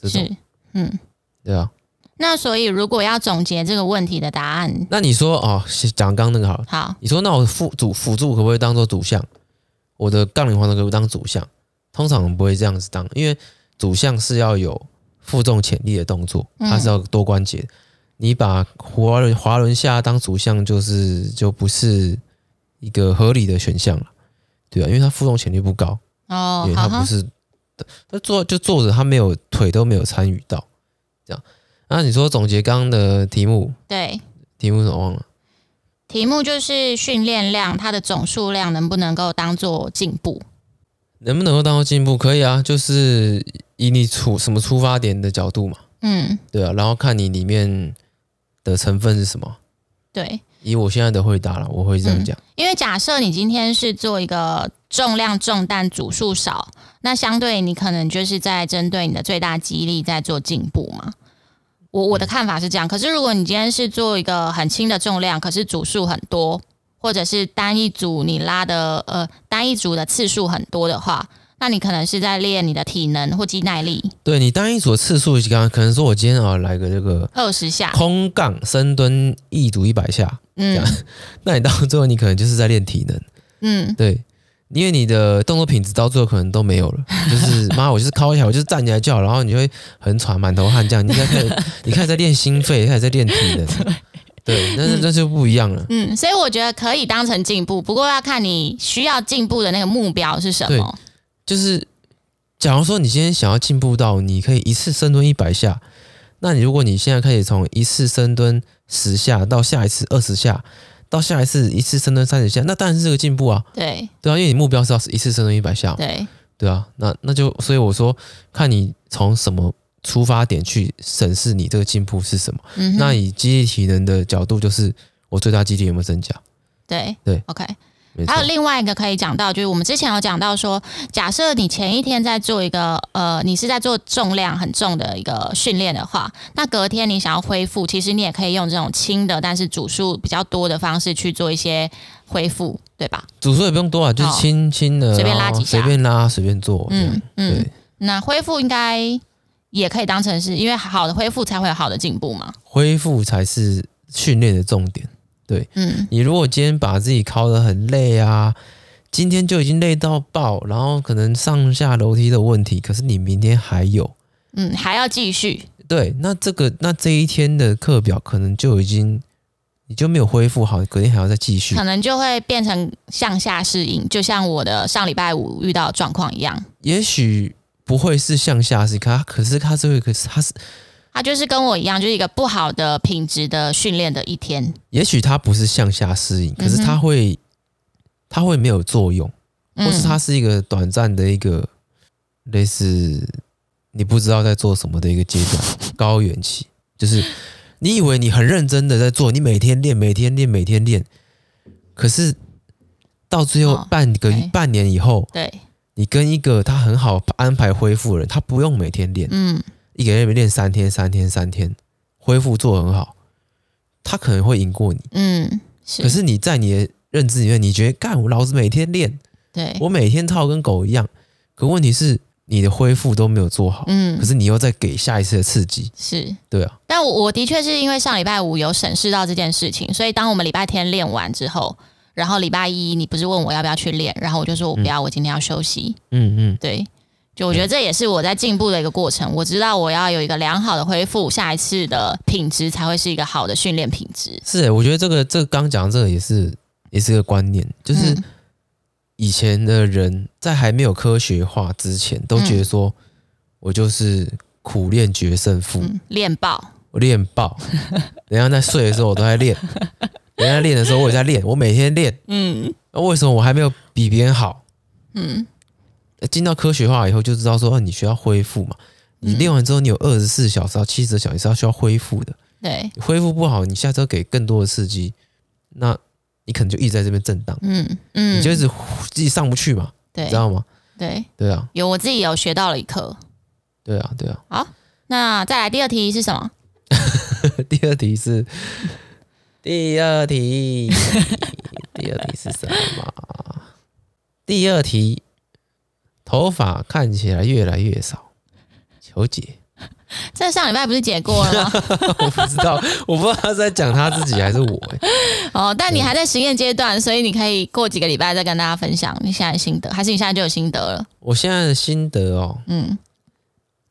Speaker 1: 這種
Speaker 2: 是嗯對啊。那所以，如果要總結這個問題的答案，
Speaker 1: 那你說哦，講剛剛那個好了，好，你說，那我輔主輔助可不可以當做主項？我的槓鈴划船可不可以當主項？通常不會這樣子當，因為主項是要有負重潛力的動作，它是要多關節。嗯、你把滑輪滑輪下當主項，就是就不是一個合理的選項了，對吧、啊？因為它負重潛力不高哦，因為它不是，他、哦、坐就坐着，他沒有腿都沒有參與到這樣。那你說總結剛剛的題目？對，題目怎麼忘了、啊？
Speaker 2: 題目就是訓練量，它的總數量能不能夠當做進步？
Speaker 1: 能不能夠當做進步？可以啊，就是以你出什麼出發點的角度嘛。嗯，對啊，然後看你裡面的成分是什麼。對，以我現在的回答了，我會這樣講、
Speaker 2: 嗯。因為假設你今天是做一個重量重但組數少，那相對你可能就是在針對你的最大肌力在做進步嘛。我我的看法是這樣，可是如果你今天是做一個很輕的重量，可是組數很多，或者是單一組你拉的呃單一組的次數很多的話，那你可能是在練你的體能或肌耐力。
Speaker 1: 對，你單一組的次數，剛剛可能說我今天啊來個這個二十下空槓深蹲一組一百下，嗯，那你到最後你可能就是在練體能，
Speaker 3: 嗯，
Speaker 1: 對。因為你的動作品質到最後可能都沒有了，就是媽，我就是靠一下，我就是站起來叫，然後你就會很喘，滿頭汗，這樣你在開始，你開始在練心肺，開始在練體能，對，那那就不一樣了。
Speaker 2: 嗯，所以我覺得可以當成進步，不過要看你需要進步的那個目標是什麼。對，
Speaker 1: 就是假如說你今天想要進步到你可以一次深蹲一百下，那你如果你現在開始從一次深蹲十下到下一次二十下。到下一次一次深蹲三十下，那當然是這個進步啊。對對啊，因為你目標是要一次深蹲一百下。對對啊，那那就所以我說，看你從什麼出發點去審視你這個進步是什麼。嗯哼。那以肌力體能的角度，就是我最大肌力有沒有增加？
Speaker 2: 對對，OK。沒錯，還有另外一個可以講到，就是我們之前有講到說，假設你前一天在做一個呃，你是在做重量很重的一個訓練的話，那隔天你想要恢復，其實你也可以用這種輕的，但是組數比較多的方式去做一些恢復，對吧？
Speaker 1: 組數也不用多啊，就是輕輕的哦，哦，隨便拉幾下，隨便拉隨便做嗯。嗯嗯，對。
Speaker 2: 那恢復應該也可以當成是，因為好的恢復才會有好的進步嘛。
Speaker 1: 恢復才是訓練的重點。對，嗯，你如果今天把自己尻得很累啊，今天就已經累到爆，然後可能上下樓梯的問題，可是你明天還有，
Speaker 2: 嗯，還要繼續。
Speaker 1: 對，那這個那這一天的課表可能就已經，你就沒有恢復好，隔天還要再繼續，可
Speaker 2: 能就會變成向下適應，就像我的上禮拜五遇到的狀況一樣。
Speaker 1: 也許不會是向下適應，可是它這個，可是它是。
Speaker 2: 他就是跟我一樣，就是一個不好的品質的訓練的一天。
Speaker 1: 也許他不是向下適應，可是他會，嗯、哼他會沒有作用，或是他是一個短暫的一個、嗯、類似你不知道在做什麼的一個階段， 高原期，就是你以為你很認真的在做，你每天練，每天練，每天練，可是到最後半個、哦、半年以後，對嘿你跟一個他很好安排恢復的人，他不用每天練，嗯。一個面練三天，三天，三天，恢復做得很好，他可能會贏過你。
Speaker 3: 嗯，是，可是你
Speaker 1: 在你的認知裡面，你覺得幹，我老子每天練，對我每天操跟狗一樣，可問題是你的恢復都沒有做好。嗯，可是你又在給下一次的刺激。是，對啊。
Speaker 2: 但我的確是因為上禮拜五有審視到這件事情，所以當我們禮拜天練完之後，然後禮拜一你不是問我要不要去練，然後我就說我不要，嗯、我今天要休息。嗯嗯，嗯嗯對。就我覺得這也是我在進步的一個過程。嗯、我知道我要有一個良好的恢復，下一次的品質才會是一個好的訓練品質。是、
Speaker 1: 欸，我覺得這個這剛、個、講這個也是也是一個觀念，就是以前的人在還沒有科學化之前，都覺得說，我就是苦練決勝負，
Speaker 2: 練、嗯、爆，
Speaker 1: 我練爆。人家在睡的時候我都在練，人家練的時候我也在練，我每天練。嗯，那為什麼我還沒有比別人好？嗯。進到科學化以後，就知道說哦，你需要恢復嘛。你練完之後，你有二十四小時到七十個小時是要需要恢復的。對，恢復不好，你下周給更多的刺激，那你可能就一直在這邊震盪。嗯嗯，你就一直呼自己上不去嘛。對，知道嗎？
Speaker 2: 對對啊，有我自己有學到了一課。
Speaker 1: 對啊，對啊。對啊，好，
Speaker 2: 那再來第二題是什麼？
Speaker 1: 第二題是第二題，第二題是什麼？第二題。頭髮看起來越來越少，求解。
Speaker 2: 這上禮拜不是剪過了嗎？
Speaker 1: 我不知道，我不知道他在講他自己還是我
Speaker 2: 哦，但你還在實驗階段，所以，所以你可以過幾個禮拜再跟大家分享你現在的心得，還是你現在就有心得了？
Speaker 1: 我現在的心得哦，嗯，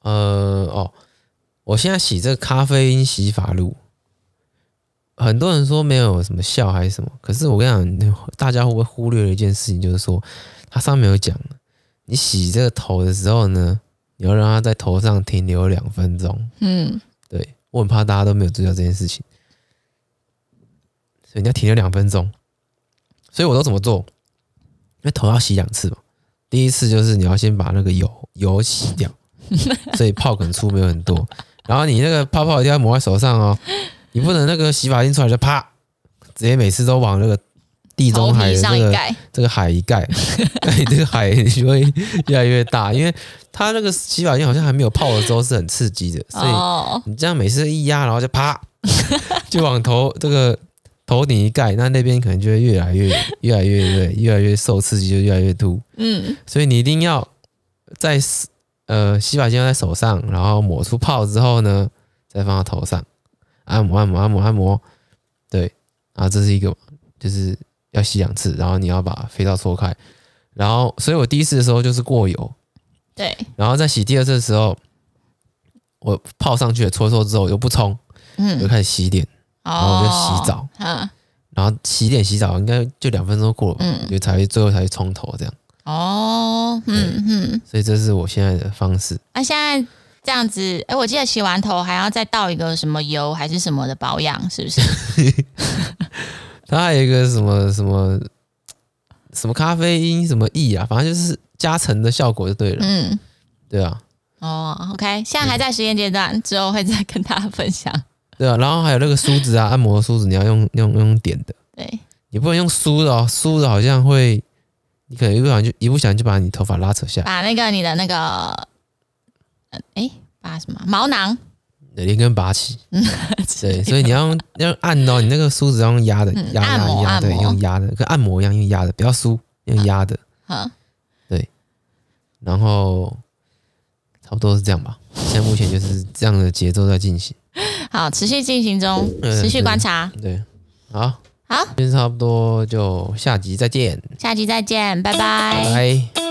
Speaker 1: 呃，哦，我現在洗這個咖啡因洗髮露，很多人說沒有什麼效還是什麼，可是我跟你講，大家會不會忽略了一件事情，就是說他上面有講。你洗這個頭的時候呢，你要讓它在頭上停留兩分鐘。
Speaker 3: 嗯，
Speaker 1: 對，我很怕大家都沒有注意到這件事情，所以你要停留兩分鐘。所以我都怎麼做？因為頭要洗兩次嘛，第一次就是你要先把那個油油洗掉，所以泡很粗沒有很多。然後你那個泡泡一定要抹在手上哦，你不能那個洗髮精出來就啪，直接每次都往那個。地中海的這個一這個海一蓋，這個海就會越來越大，因為它那個洗髮精好像還沒有泡的時候是很刺激的，所以你這樣每次一壓，然後就啪，哦、就往頭這個頭頂一蓋，那那邊可能就會越來越、越來越、越來越受刺激，就越來越禿。嗯，所以你一定要在呃洗髮精在手上，然後抹出泡之後呢，再放到頭上按摩、按摩、按摩、按摩。對，啊，這是一個就是。要洗兩次，然後你要把肥皂搓開，然後，所以我第一次的時候就是過油，對，然後在洗第二次的時候，我泡上去了搓搓之後又不沖，嗯，又開始洗臉，哦、然後我就洗澡。嗯、然後洗臉洗澡應該就兩分鐘過了吧，嗯，就才最後才去沖頭這樣，
Speaker 3: 哦，嗯對
Speaker 2: 嗯，
Speaker 1: 所以這是我現在的方式。
Speaker 2: 那現在這樣子，哎，我記得洗完頭還要再倒一個什麼油還是什麼的保養，是不是？
Speaker 1: 它還有一個什麼什麼什麼咖啡因什麼 E 啊，反正就是加成的效果就對
Speaker 2: 了。嗯，對啊。哦，OK，現在還在實驗階段，嗯、之後會再跟大家分享。
Speaker 1: 對啊，然後還有那個梳子啊， 按摩梳子，你要用用用點的。對，你不能用梳的哦，梳的好像會，你可能一不小心就一不小心就把你頭髮拉扯下來。
Speaker 2: 把那個你的那個，呃，哎，把什麼毛囊？
Speaker 1: 連根拔起，
Speaker 2: 對，
Speaker 1: 所以你要要按到，哦，你那個梳子，要用壓的，壓壓壓，對，用壓的，按摩跟按摩一樣，用壓的，不要梳，用壓的，好，啊，對，然後差不多是這樣吧。現在目前就是這樣的節奏在進行，
Speaker 2: 好，持續進行中，對對對，持續觀察，對，好，好，
Speaker 1: 今天差不多就下集再見，
Speaker 2: 下集再見，拜拜，拜。